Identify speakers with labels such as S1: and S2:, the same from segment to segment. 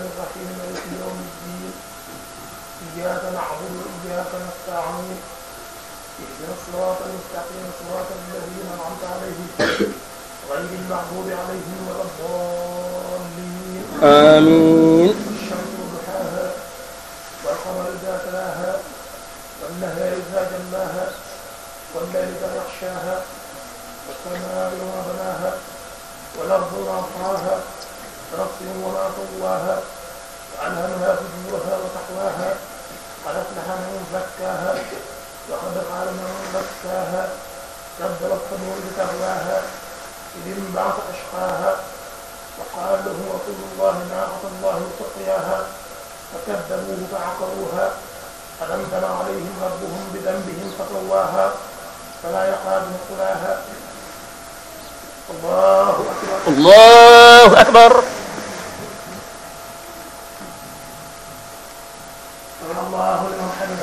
S1: الرحمن الرحيم مالك يوم الدين إياك نعبد وإياك نستعين اهدنا الصراط المستقيم صراط الذين أنعمت عليهم غير المغضوب عليهم ولا الضالين آمين الشمس ضحاها والقمر إذا تلاها والنهار إذا جلاها والليل إذا يغشاها والسماء وما بناها والأرض وما طحاها ربهم وما وعنها وألهمها فجورها وتقواها قد أفلح من زكاها وقد قال من زكاها كبرت صدور بتقواها إذ انبعث أشقاها وقال له رسول الله اعطى الله سقياها فكذبوه فعقروها فدمدم عليهم ربهم بذنبهم فطواها فلا يقال مقلاها الله أكبر الله أكبر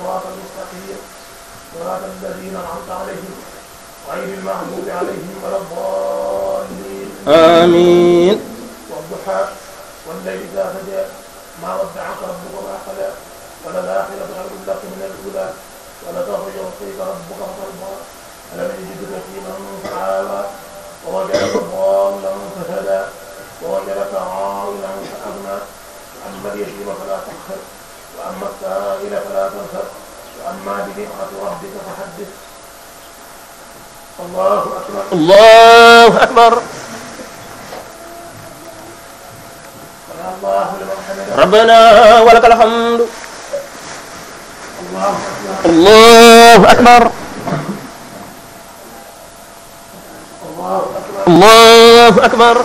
S1: الصراط المستقيم صراط الذين أنعمت عليهم غير المغضوب عليهم ولا الضالين آمين والضحى والليل إذا سجى ما ودعك ربك وما قلى وللآخرة خير لك من الأولى ولسوف وصيك ربك فترضى ألم يجدك يتيما فآوى ووجدك ضالا فهدى ووجدك عائلا فأغنى أما اليتيم فلا تقهر وأما السائل فلا تنسب وأما بنعمة ربك فحدث الله أكبر الله أكبر ربنا ولك الحمد الله أكبر, الله أكبر. الله أكبر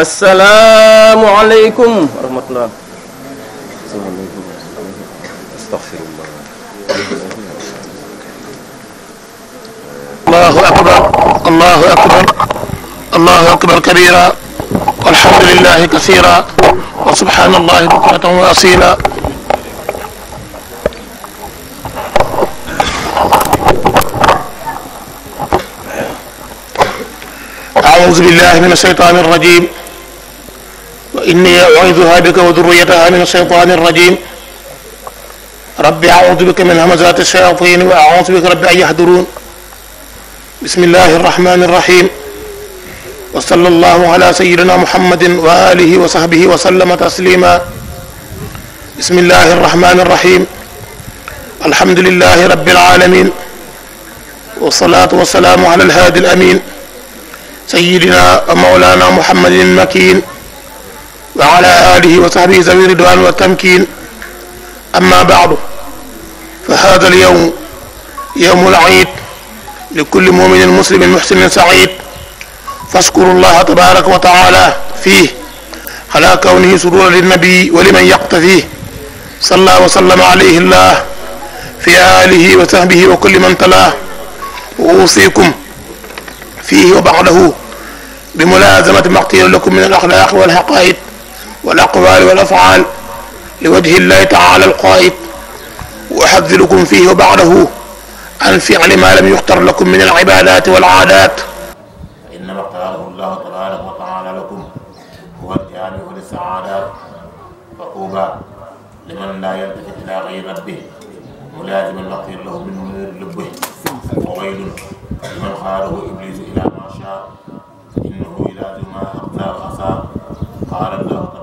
S1: السلام عليكم Assalamualaikum الله Assalamualaikum Astaghfirullah الله أكبر الله أكبر الله أكبر كبيرا والحمد لله كثيرا وسبحان الله بكرة وأصيلا أعوذ بالله من الشيطان الرجيم وإني أعوذها بك وذريتها من الشيطان الرجيم ربي أعوذ بك من همزات الشياطين وأعوذ بك رب أن يحضرون بسم الله الرحمن الرحيم وصلى الله على سيدنا محمد وآله وصحبه وسلم تسليما بسم الله الرحمن الرحيم الحمد لله رب العالمين والصلاة والسلام على الهادي الأمين سيدنا ومولانا محمد المكين وعلى آله وصحبه ذوي الرضوان والتمكين أما بعد فهذا اليوم يوم العيد لكل مؤمن مسلم محسن سعيد فاشكروا الله تبارك وتعالى فيه على كونه سرورا للنبي ولمن يقتفيه صلى وسلم عليه الله في آله وصحبه وكل من تلاه وأوصيكم فيه وبعده بملازمة ما لكم من الأخلاق والحقائق والأقوال والأفعال لوجه الله تعالى القائد وأحذركم فيه وبعده عن فعل ما لم يختر لكم من العبادات والعادات إنما اختاره الله تعالى وتعالى لكم هو الجامع للسعادة فطوبى لمن لا يلتفت إلى غير ربه ملازم الخير له من منير لبه وويل لمن خاله إبليس إلى ما شاء إنه إلى ما أقدر أصاب قال الله تعالى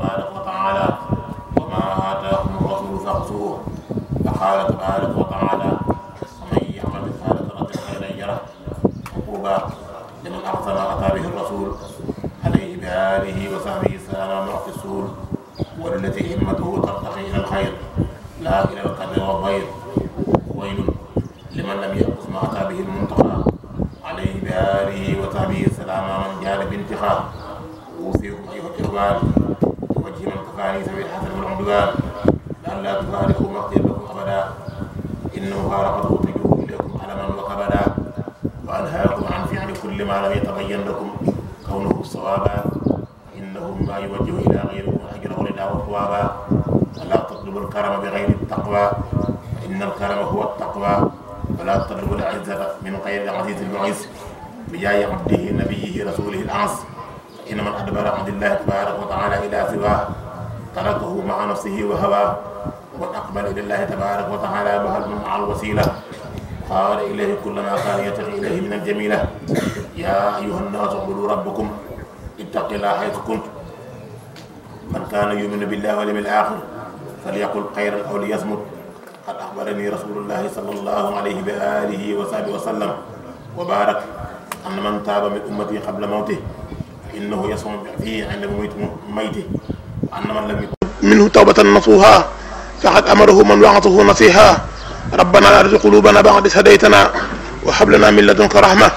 S1: إن الكرم هو التقوى فلا تطلبوا العزة من غير العزيز المعز بجاه عبده نبيه رسوله الأعز إن من أدبر عبد الله تبارك وتعالى إلى سواه تركه مع نفسه وهواه ومن أقبل إلى الله تبارك وتعالى بهل مع الوسيلة قال إليه كل ما كان يتقي إليه من الجميلة يا أيها الناس اعبدوا ربكم اتق الله حيث كنت من كان يؤمن بالله واليوم الآخر فليقل خيرا أو ليصمت قد أخبرني رسول الله صلى الله عليه وآله وصحبه وسلم وبارك أن من تاب من أمتي قبل موته إنه يصوم فيه عند ميت ميته وأن من لم منه توبة نصوها فقد أمره من وعظه نصيها ربنا أرز قلوبنا بعد هديتنا وحبلنا لنا من لدنك رحمة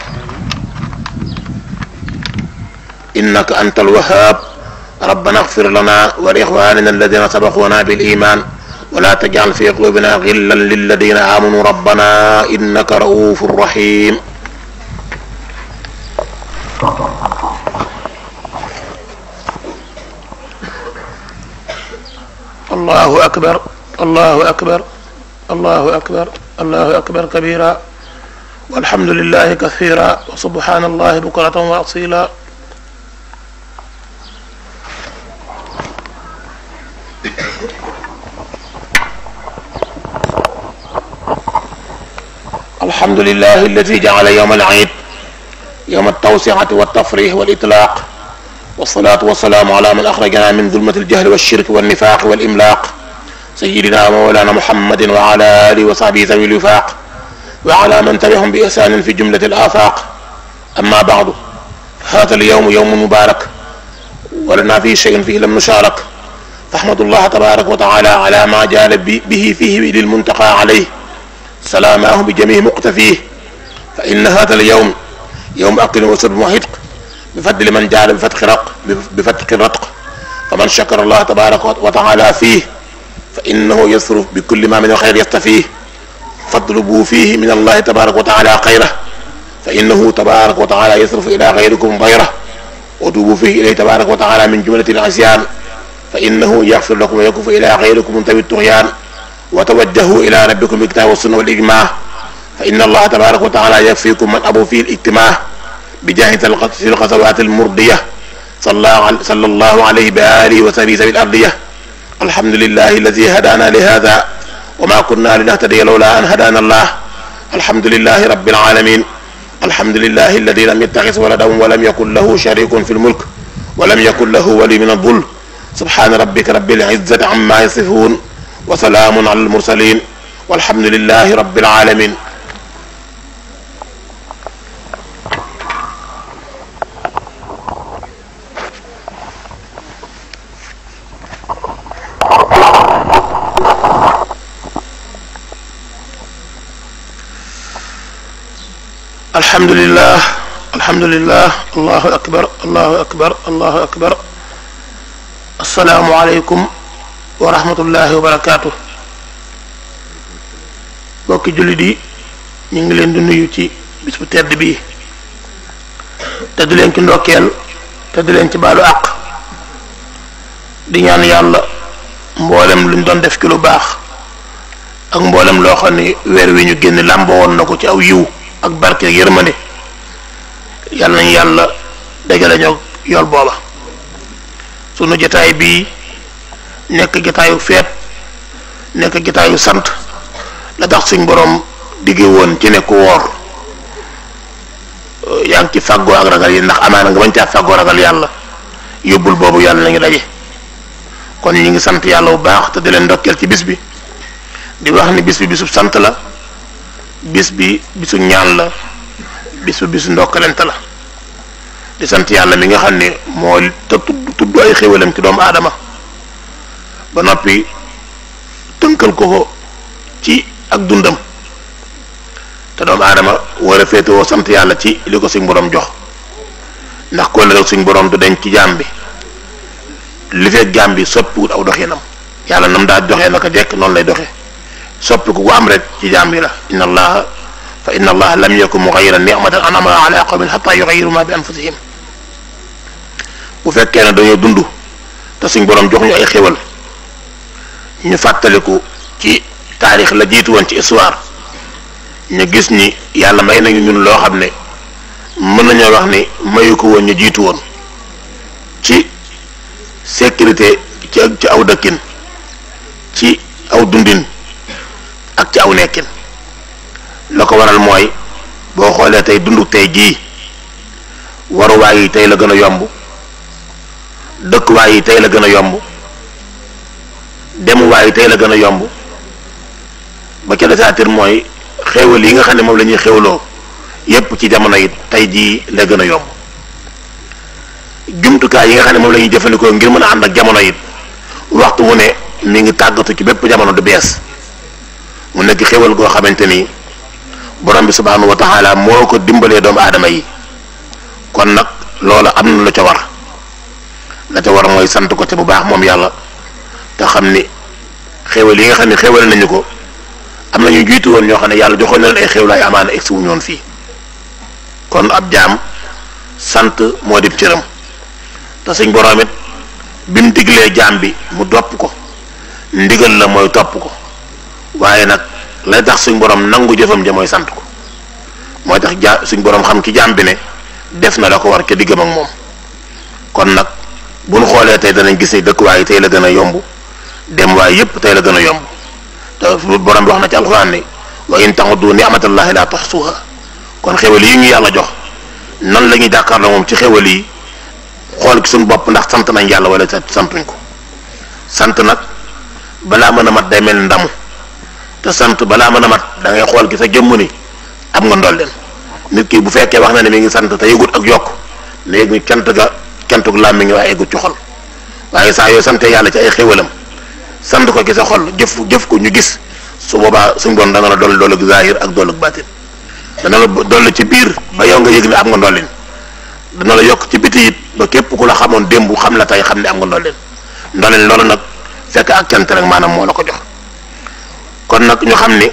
S1: إنك أنت الوهاب ربنا اغفر لنا ولإخواننا الذين سبقونا بالإيمان ولا تجعل في قلوبنا غلا للذين آمنوا ربنا إنك رؤوف رحيم الله أكبر الله أكبر الله أكبر الله أكبر كبيرا والحمد لله كثيرا وسبحان الله بكرة وأصيلا الحمد لله الذي جعل يوم العيد يوم التوسعة والتفريح والإطلاق والصلاة والسلام على من أخرجنا من ظلمة الجهل والشرك والنفاق والإملاق سيدنا مولانا محمد وعلى آله وصحبه ذوي الوفاق وعلى من تبعهم بإحسان في جملة الآفاق أما بعد هذا اليوم يوم مبارك ولنا فيه شيء فيه لم نشارك فاحمد الله تبارك وتعالى على ما جال به فيه للمنتقى عليه سلاماه بجميع مقتفيه فإن هذا اليوم يوم أكل وشرب وحدق بفضل من جعل بفتح رق بفتح الرتق فمن شكر الله تبارك وتعالى فيه فإنه يصرف بكل ما من الخير يستفيه فاطلبوا فيه من الله تبارك وتعالى خيره فإنه تبارك وتعالى يصرف إلى غيركم غيره وتوبوا فيه إليه تبارك وتعالى من جملة العصيان فإنه يغفر لكم ويكف إلى غيركم من تبي طيب الطغيان وتوجهوا إلى ربكم بالكتاب والسنة والإجماع فإن الله تبارك وتعالى يكفيكم من أبو فيه الاجتماع بجاه في الغزوات المرضية صلى الله عليه بآله وسبي سبيل الأرضية الحمد لله الذي هدانا لهذا وما كنا لنهتدي لولا أن هدانا الله الحمد لله رب العالمين الحمد لله الذي لم يتخذ ولدا ولم يكن له شريك في الملك ولم يكن له ولي من الظلم سبحان ربك رب العزة عما يصفون وسلام على المرسلين والحمد لله رب العالمين الحمد لله الحمد لله الله أكبر الله أكبر الله أكبر السلام عليكم wa rahmatullahi wa barakaatu bokki jullit yi ñu ngi leen di nuyu ci bis tedd bii te di leen ci ndokkeel te di leen ci baalu àq di ñaan yàlla mboolem luñ doon def ki lu baax ak mboolem loo xam ne weer wi ñu génn làmboo woon na ko ci aw yiw ak barke yërmande yàlla nañu yàlla dajale ñoo yool booba sunu jotaay bii nek jotaayu feet nek jotaayu sant la tax suñ borom digi won ci nek wor euh, yaa ci fàggoo ak ragal yi ndax amana nga bañ caa fàggoo ragal yalla yobul bobu yalla nañu dajé kon ñi ngi sant yalla bu baax te di leen dokkel ci bis bi di wax ni bis bi bisub sant la bis bi bisu ñaan la bisu bisu la di sant yalla mi nga xam ne tuddu ay xewelam ci doom adamama ba nopi tënkal ko ko ci ak dundam te doomu aadama war a féetewoo sant yàlla ci li ko suñ borom jox ndax ko la suñ borom du deñ ci jaam bi li fekk jaam bi soppiwut aw doxinam yàlla nam daa doxee naka jekk noonu lay doxee soppi ku ko am rek ci jaam bi la inna allaha fa inna allaha lam yakun mughayyiran ni'matan an'amaha ala qawmin hatta yughayyiru ma bi anfusihim bu fekkee ne dañoo dund te suñ borom jox ñu ay xéwal ñu fàttaliku ci taarix la jiitu woon ci histoire ñu gis ni yàlla may nañu ñun loo xam ne mën nañoo wax ni mayu ko woon ñu jiitu woon ci sécurité ci ci aw dëkkin ci aw dundin ak ci aw nekkin la ko waral mooy boo xoolee tey dundu tey jii waruwaay yi tey la gën a yomb dëkkuwaay yi tey la gën a yomb demuwaay tey la gën a yomb ba ca desaatir mooy xéewal yi nga xam ne moom la ñuy xéewloo yépp ci jamono it tey jii la gën a yomb jumtukaay yi nga xam ne moom lañuy jëfandikoo ngir mën a ànd ak jamono yi waxtu wu ne mi ngi tàggatu ci bépp jamono du bees mu nekk xéewal goo xamante ni borom bi subhaanahu wa taala moo ko dimbalee doomu aadama yi kon nag loola am na lu ca war la ca war mooy sant ko te bu baax moom yàlla te xam ne xéwal yi nga xam ne xéwal nañu ko am na ñu jiitu woon ñoo xam ne yàlla joxoon na leen ay xéwlaay amaana egsi wu ñoon fii kon ab jaam sant moo dib cëram te suñ borom it bi mu diglee jaam bi mu dopp ko ndigal la mooy topp ko waaye nag lay tax suñ borom nangu jëfam ja mooy sant ko mooy tax ja suñ borom xam ci jaam bi ne def na la ko war ca diggam ak moom kon nag bu nu xoolee tey danañ gis ni dëkkuwaay tey la gën a yomb. dem waaye yëpp tey la gën a yomb te borom bi wax na ci alxuraan ni wa in taxuddu ni'matallahi la tuxsuha kon xéwal yi ñu yàlla jox nan la ñuy jàkkaarloo moom ci xéwal yi xool ci suñu bopp ndax sant nañ yàlla wala santuñ ko sant nag balaa mën a mat day mel ndamu te sant balaa mën a mat dangay xool gi sa jëmm ni am nga ndolleen nit kii bu fekkee wax na ne mi ngi sant te yëgut ak yokk léegi cant ga cantuk làmmiñ waaye yëgut ci xol waaye saa yoo sante yàlla ci ay xéwalam sant ko ci sa xol jëf jëf ko ñu gis su boobaa suñ borom dana la dool dolli dollag zahir ak dollag baatin dana la dolli ci biir ba yow nga yëg ne am nga ndollin dana la yokk ci biti it ba képp ku la xamoon démb xam la tey xam ne am nga ndollin ndollin loolu nag fekk ak cant rek maanaam moo la ko jox kon nag ñu xam ni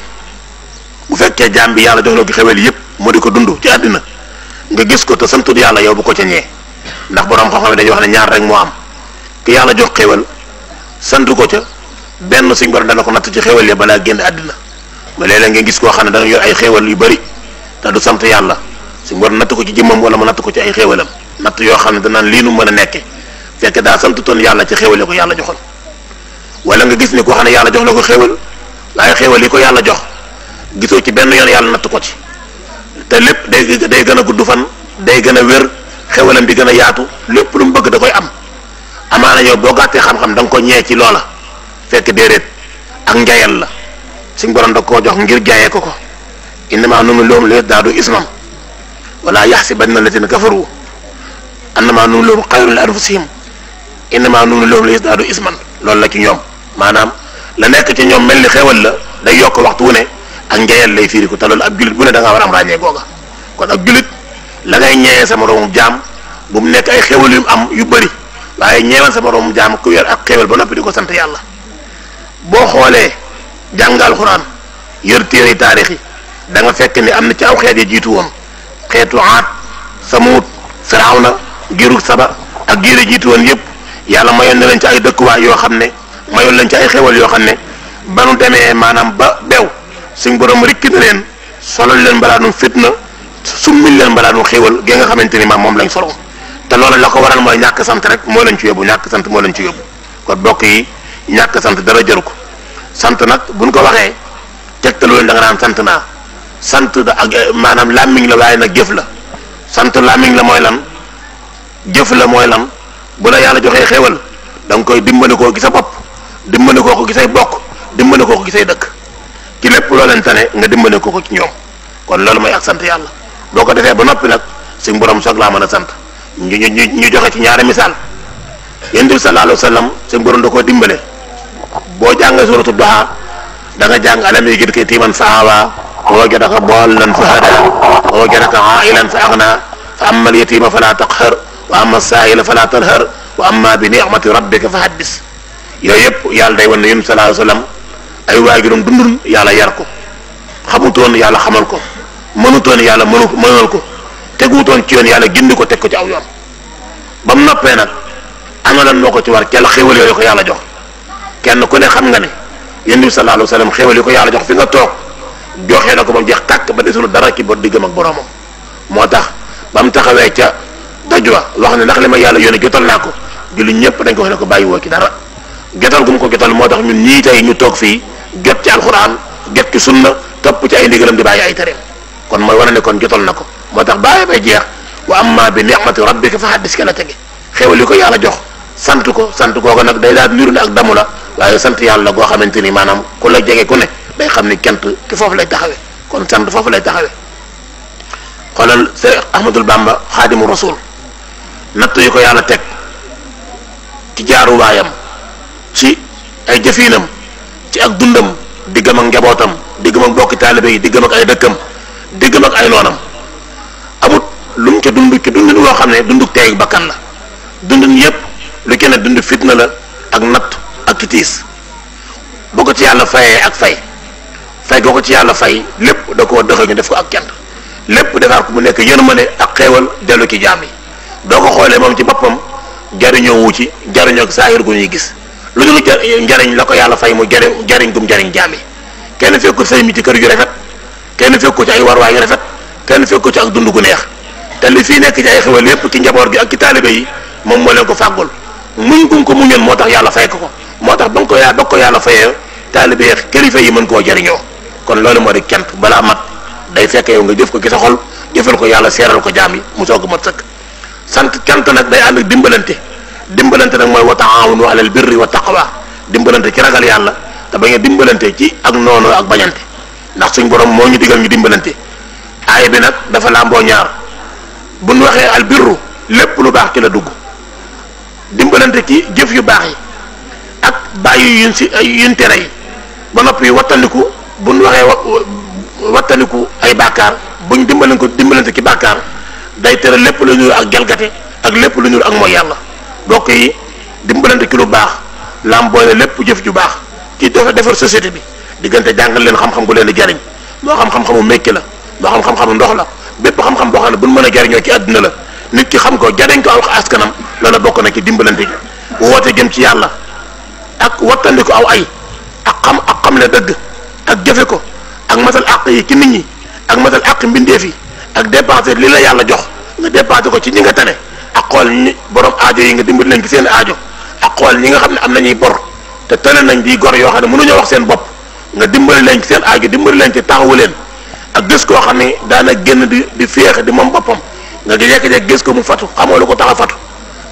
S1: bu fekkee jaam bi yàlla jox la ko xewel yëpp moo di ko dund ci àddina nga gis ko te santul yàlla yow bu ko ca ñee ndax borom xam-xam dañuy wax ne ñaar rek moo am ki yàlla jox xewel sant ko ca. benn suñ borom dana ko natt ci xéwal ya balaa génn àddina ma léeg-léeg nga gis koo xam ne dana yor ay xéwal yu bëri te du sant yàlla suñ borom natt ko ci jëmmam wala mu ko ci ay xéwalam natt yoo xam ne danaan lii nu mën a nekke fekk daa sant toon yàlla ci xéwal ko yàlla joxoon wala nga gis ni koo xam ne yàlla jox la ko xéwal ay xéwal yi ko yàlla jox gisoo ci benn yoon yàlla natt ko ci te lépp day day gën a gudd fan day gën a wér xéwalam bi gën a yaatu lépp lu bëgg da koy am amaana yow boo gàttee xam-xam ko ñee ci loola fekk déedéet ak njayal la suñ borom da ko jox ngir jaayee ko ko inna ma nunu lom le dadu ismam wala yaxsibanna alladhina kafaru anna ma nunu lom xayru al anfusihim inna ma nunu lom le dadu isman lol la ci ñom manam la nek ci ñom melni xewal la day yok waxtu wu ne ak njayal lay firiku ta lol ab julit bu ne da nga war am rañé goga kon ak julit la ngay ñeewee sa moromu jam bu mu nek ay xewal yu am yu bari waye ñeewal sa moromu jaam ku wër ak xewal ba nopi diko ko sant yàlla boo xoolee jàngal xuraan yër téere taarix yi danga nga fekk ni am na ci aw xeet ya jiitu woon xeetu aat samuut na giru saba ak giir yi jiitu woon yëpp yàlla mayoon na leen ci ay dëkkuwaay yoo xam ne mayoon leen ci ay xewal yoo xam ne ba nu demee maanaam ba bew suñ borom rikki na leen solal leen balaa nu fitna summil leen balaa nu xewal gi nga xamante ni maam moom lañ solo te loolu la ko waral mooy ñàkk sant rek moo leen ci yóbbu ñàkk sant moo leen ci yóbbu ñàkk sant dara jaru ko sant nag buñ ko waxee teg leen da nga naan sant naa sant da ak eh, maanaam làmmiñ la waaye nag jëf la sant làmmiñ la mooy lan jëf la mooy lan bu la yàlla joxee xéewal da koy dimbale koo gi sa bopp dimbali koo ko gi say bokk dimbali koo ko gi say dëkk ci lépp loo leen nga dimbale ko ko ci ñoom kon loolu mooy ak sant yàlla boo ko defee ba noppi nag si borom soog laa mën a sant ñu ñu ñu joxe ci ñaari misaal yéen bi sallallahu alayhi wa sallam si borom da koo dimbale boo jàngee suratu duha da nga jàng alam yajidka yatiiman fa awa wa wajadaka daallan fa hadaa wa ka ailan fa aghna fa amma al yatima fala taqhar wa amma as saila fala tanhar wa amma bi ni'mati rabbika fa haddis yooyu yàlla day wan yunus sallallahu alayhi wasallam ay wajirum dundum yàlla yar ko xamutoon yàlla xamal ko mënutoon yàlla mënu manal ko teguutoon ci yon yàlla gindi ko tek ko ci aw yoon bam noppé nak amalan noko ci war kel xéwal yoy ko yàlla jox kenn ku ne xam nga ne yéen bi sallallahu alayhi wa sallam xéewal yi ko yàlla jox fi nga toog joxe na ko ba mu jeex tàkk ba desul dara ci ba diggam ak boromam moo tax ba mu taxawee ca doj wa wax ne ndax li ma yàlla yónni jotal naa ko julli ñëpp dañ ko wax ne ko bàyyi woo ci dara jotal gu mu ko jotal moo tax ñun ñii tey ñu toog fii jot ci alxuraan jot ci sunna topp ci ay ndigalam di bàyyi ay tereem kon mooy wane ne kon jotal na ko moo tax bàyyi bay jeex wa amma bi ni'mati rabbika fa haddis ka la tege xéewal yi ko yàlla jox sant ko sant googa nag day daal niru ne ak damu la waaye sant yàlla goo xamante ni maanaam ku la jege ku ne day xam ni cant ki foofu lay taxawee kon sant foofu lay taxawee xoolal Seex Ahmadul Bamba xaadimu rasul natt yi ko yàlla teg ci jaaruwaayam ci ay jëfiinam ci ak dundam diggam ak njabootam diggam ak bokki taalibe yi diggam ak ay dëkkam diggam ak ay noonam amut lu mu ca dund ci dundin loo xam ne dunduk teey bakkan la dundin yépp lu kenn dund fitna la ak natt ak ci tiis boo ko ci yàlla fayee ak fay fay goo ko ci yàlla fay lépp da koo dëxal ñu def ko ak cant lépp defaat ko mu nekk ne ak xéewal dellu ci jaam yi doo ko xoolee moom ci boppam jariñoo wu ci jariñoo ak saahir gu ñuy gis lu dul njariñ la ko yàlla fay mu jariñ jariñ gum jariñ jaam yi kenn fekku sëñ bi ci kër yu rafet kenn fekku ci ay warwaay yu rafet kenn fekku ci ak dund gu neex te li fi nekk ci ay xéewal lépp ci njaboot gi ak ci taalibe yi moom moo leen ko fàggul muñ gum ko muñoon moo tax yàlla fay ko ko moo tax ba nga ko ko yàlla fayee taalibe kilifa yi mën koo jariñoo kon loolu moo di cant balaa mat day fekk yow nga jëf ko ci sa xol jëfal ko yàlla seeral ko jaam yi mu soog a mat sëkk sant cant nag day ànd dimbalante dimbalante nag mooy wa taawanu alal birri wa taqwa dimbalante ci ragal yàlla te ba ngeen dimbalante ci ak noonu ak bañante ndax suñ borom moo ñu digal ñu dimbalante aay bi nag dafa làmboo ñaar bu ñu waxee albirru lépp lu baax ci la dugg dimbalante ci jëf yu baax yi ak bàyyi yuñ si yuñ tere yi ba noppi wattandiku buñ waxee wattandiku ay bàkkaar buñ dimbalan ko dimbalante ki bàkkaar day tere lépp lu ñuul ak jalgate ak lépp lu ñuul ak mooy yàlla bokk yi dimbalante ki lu baax lam booy ne lépp jëf ju baax ci dafa defar société bi diggante jàngal leen xam-xam bu leen jariñ moo xam xam-xamu mekki la moo xam xam-xamu ndox la bépp xam-xam boo xam ne buñ mën a jariñoo ci àddina la nit ki xam ko jariñ ko ak askanam loola bokk na ci dimbalante gi ci yàlla ak wattandiku aw ay ak xam ak xam le dëgg ak jëfe ko ak matal àq yi ci nit ñi ak matal àq mbindeef yi ak dépensé li la yàlla jox nga dépensé ko ci ñi nga tane ak xool ñi borom aajo yi nga dimbali leen ci seen aajo ak xool ñi nga xam ne am na nañuy bor te tane nañ di gor yoo xam ne mënuñoo wax seen bopp nga dimbali leen ci seen aajo dimbali leen ci taxawu leen ak gis koo xam ne daana génn di di féex di moom boppam nga jékki-jékki gis ko mu fatu xamoo lu ko tax fatu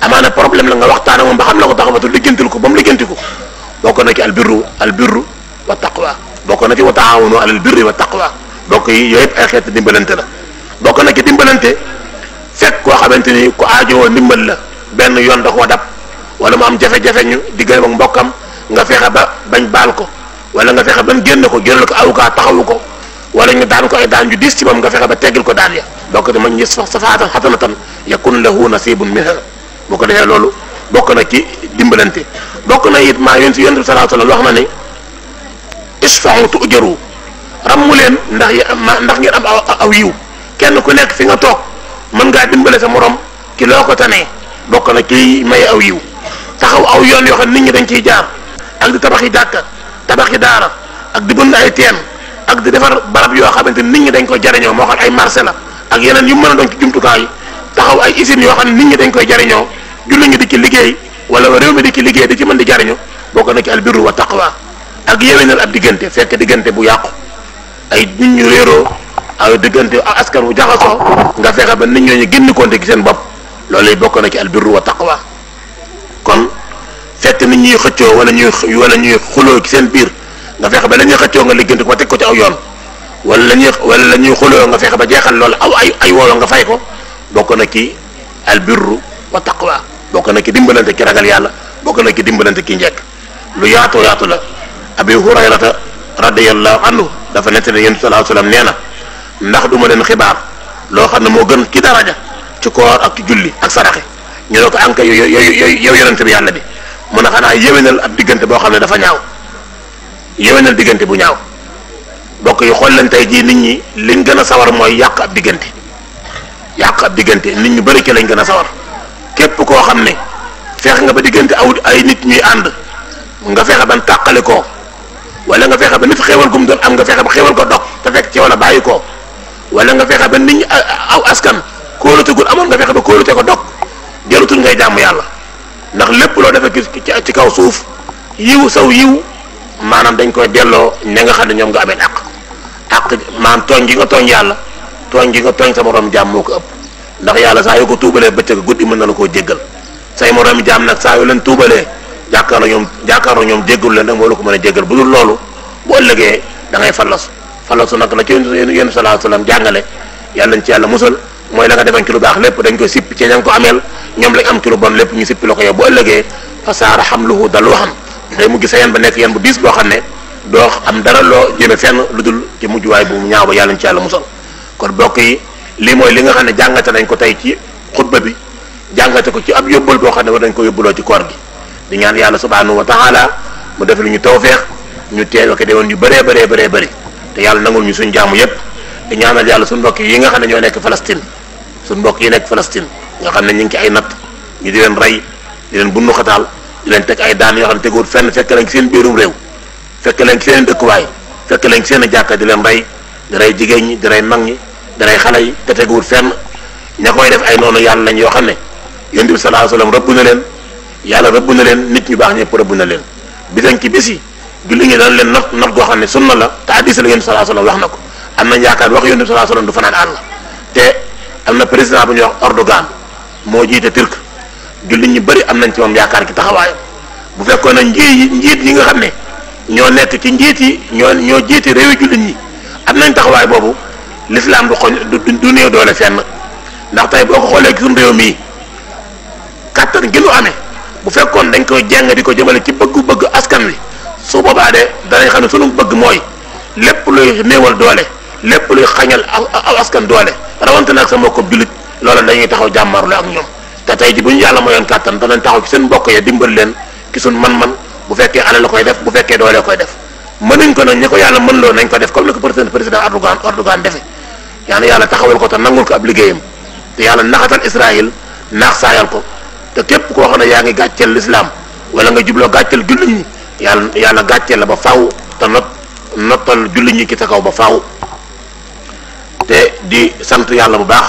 S1: amana problème la nga waxtana mom ba xam la ko ba xamatu liggantil ko bam mu boko na ci al birru al birru wa taqwa boko na ci wa taawunu alal birri wa taqwa boko yi yooyu ay xet dimbalante la boko na ci dimbalante fek ko xamanteni ko aajo aajowoo ndimbal la ben yoon da ko dab wala mu am jafe-jafe ñu diggale ak mbokam nga fexe ba bañ bal ko wala nga fexe ban génn ko jël ko awukaa taxawu ko wala ñu daan ko ay daan ju dis ci mom nga fexe ba teggil ko daan ya bokk na man yasfa safaatan hasanatan yakun lahu nasibun minha boo ko defee loolu bokk na ci dimbalante bokk na it maa yoon si yonent bi sallallahu alayhi wasallam wax na ne isfa'u tu'jaru ràmmu leen ndax ndax ngeen am aw yiw kenn ku nekk fi nga toog mën ngaa dimbale sa morom ci loo ko tanee bokk na ci may aw yiw taxaw aw yoon yoo xam nit ñi dañ ciy jaar ak di tabaxi jàkka tabaxi daara ak di bënd ay teen ak di defar barab yoo xamante nit ñi dañ ko jariñoo moo xam ay marché la ak yeneen yu mën a doon ci jumtukaay taxaw ay usines yoo xam ne nit ñi dañ koy jariñoo julli ñi di ci liggéey wala réew mi di ci liggéey di ci mën di jariñu bokk na ci albiru wa waa ak yéwénal ab diggante fekk diggante bu yàqu ay nit ñu réeroo ay diggante wa askan wu jaxasoo nga fexe ba nit ñooñu génn konte ci seen bopp loolu bokk na ci albiru wa taqwa kon fekk nit ñuy xëccoo wala ñuy wala ñuy xuloo ci seen biir nga fexe ba la ñuy xëccoo nga liggante ko teg ko ci aw yoon wala la ñuy wala la ñuy xuloo nga fexe ba jeexal loolu aw ay ay wooyo nga fay ko bokk na ki albirru wa taqwa bokk na ki dimbalante ki ragal yàlla bokk na ki dimbalante ki njekk lu yaatu yaatu la abi hurayrata la anhu dafa nettali yéen sallallahu alayhi wasallam nee na ndax du ma leen xibaar loo xam ne moo gën ci daraja ci koor ak ci julli ak saraxe ñu ne ko anka yow yow yonente bi yàlla bi mu ne xanaa yéwénal ab diggante boo xam ne dafa ñaaw yéwénal diggante bu ñaaw bokk yi xool leen tey jii nit ñi liñ gën a sawar mooy yàq ab diggante yàqat digënté nit ñu bari ci lañ gëna sawar képp koo xam ne fexe nga ba digënté aw ay nit ñuy ànd nga fexe ban tàqale ko wala nga fexe ba nit xéewal gum doon am nga fexe ba xéewal ko dog te fekk ci wala bàyyi wala nga fexe ba nit aw askan kóolatagul amoon nga fexe ba kóolate ko dog jarutul ngay jàmm yàlla ndax lépp loo gis ci kaw suuf yiw saw yiw maanaam dañ koy delloo ne nga xam ne nga amee ak maanaam tooñ gi nga tooñ yàlla tooñ gi nga tooñ sa morom jaam moo ko ëpp ndax yàlla saa yu ko tuubalee bëccëg guddi mën na la koo jéggal say moromi jaam nag saa yu leen tuubalee jàkkaarloo ñoom jàkkaarloo ñoom jéggalu a jéggal la ci yéen sallallahu alayhi wasallam jàngale yàlla nañ ci yàlla musal mooy la nga defoon ci lu baax lépp dañ ko sippi ci ña ko ameel ñoom lañ am ci lu bon lépp ñu sippi la ko yow bu ëllëgee fasaara xamluhu dalu xam day mujj sa yéen ba nekk yéen bu diis boo xam ne doo am dara loo jëme fenn lu dul ci mujjuwaay bu mu ñaaw yàlla nañ ci yàlla kon bokk yi lii mooy li nga xam ne jàngate nañ ko tey ci xutba bi jàngate ko ci ab yóbbal boo xam ne war dañ ko yóbbaloo ci koor gi di ñaan yàlla subhanahu wa taala mu def lu ñu tawfeex ñu teew ko dewoon yu bëree bëree bëree bëri te yàlla nangul ñu suñ jaamu yépp di ñaanal yàlla suñ mbokk yi nga xam ne ñoo nekk Palestine suñ mbokk yi nekk Palestine nga xam ne ñu ngi ci ay natt ñu di leen rey di leen bunnu xataal di leen teg ay daan yoo xam ne teguut fenn fekk lañ seen biirum réew fekk lañ seen dëkkuwaay fekk lañ seen jàkka di leen rey di rey jigéen ñi di mag ñi di xale yi te teguwul fenn ña koy def ay noonu yàlla lañ yoo xam ne yonent bi sallallahu alayhi wa sallam rëbb na leen yàlla rëbb na leen nit ñu baax ñëpp rëbb na leen bisañ ci bés yi julli ñi daan leen not not goo xam ne sunna la te hadiis la yonent bi sallallahu alayhi wax na ko am nañ yaakaar wax yonent bi sallallahu alayhi du fanaan àll te am na président bu ñuy wax Erdogan moo jiite Turc julli ñu bëri am nañ ci moom yaakaar ci taxawaayam bu fekkoon na njiit yi nga xam ne ñoo nekk ci njiit yi ñoo ñoo jiite réewi jullit ñi am nañ taxawaay boobu l'islam du xoñ du du néew doole fenn ndax tey boo ko xoolee ci suñu réew mii kàttan gi nu amee bu fekkoon dañ koy jàng di ko jëmale ci bëgg-bëgg askan wi su boobaa de danañ xam ne sunu bëgg mooy lépp luy néewal doole lépp luy xañal aw askan doole rawante nag sa mbokku jullit loola dañuy taxaw jàmmarlu ak ñoom te tey ji bu ñu yàlla mayoon kàttan danañ taxaw ci seen mbokk ya dimbal leen ki suñ man-man bu fekkee alal la koy def bu fekkee doole koy def. mënuñ ko nag ñi ko yàlla ya nañ ko def comme ni ko président président Erdogan Erdogan defe yàlla ya yàlla ya taxawal ko te nangul ko ab liggéeyam te yàlla naxatal Israël naax saayal ko te képp koo xam ne yaa ngi gàcceel l'islam wala nga jubloo gàcceel jullit ñi yàlla yàlla gàcceel la ba faaw te not notal jullit ñi ki taxaw ba faaw te di sant yàlla bu baax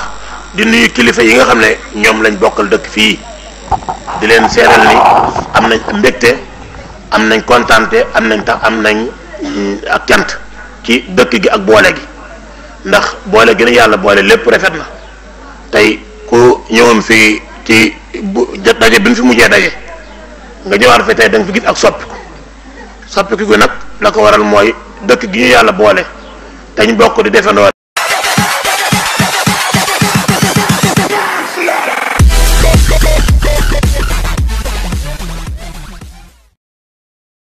S1: di nuyu kilifa yi nga xam ne ñoom lañ bokkal dëkk fii di leen seeral ni am nañ mbégte am nañ kontante am nañ tax am nañ ak cant ci dëkk gi ak boole gi ndax boole gi na yàlla boole lépp rafet na tey ku ñëwoon fii ci daje bi ñu fi mujjee daje nga ñëwaat fi tey da fi gis ak soppiku soppiku gi nag la ko waral mooy dëkk gi ñu yàlla boole dañ ñu bokk di defandoo